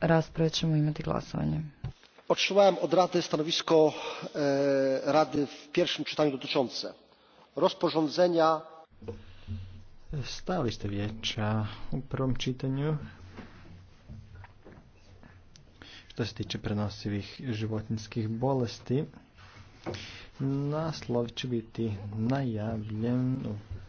rasprave ćemo imati glasovanje. Otrzymałem od Rady stanowisko e, Rady w pierwszym czytaniu dotyczące rozporządzenia. Stalište wiecza u prvom čitanju što se tiče prenosivih životinskih bolesti. Naslov će biti najavljen u